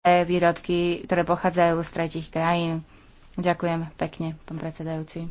E výrobky, ktoré pochádzajú z tretich krajín. Ďakujem pekne, pán predsedajúci.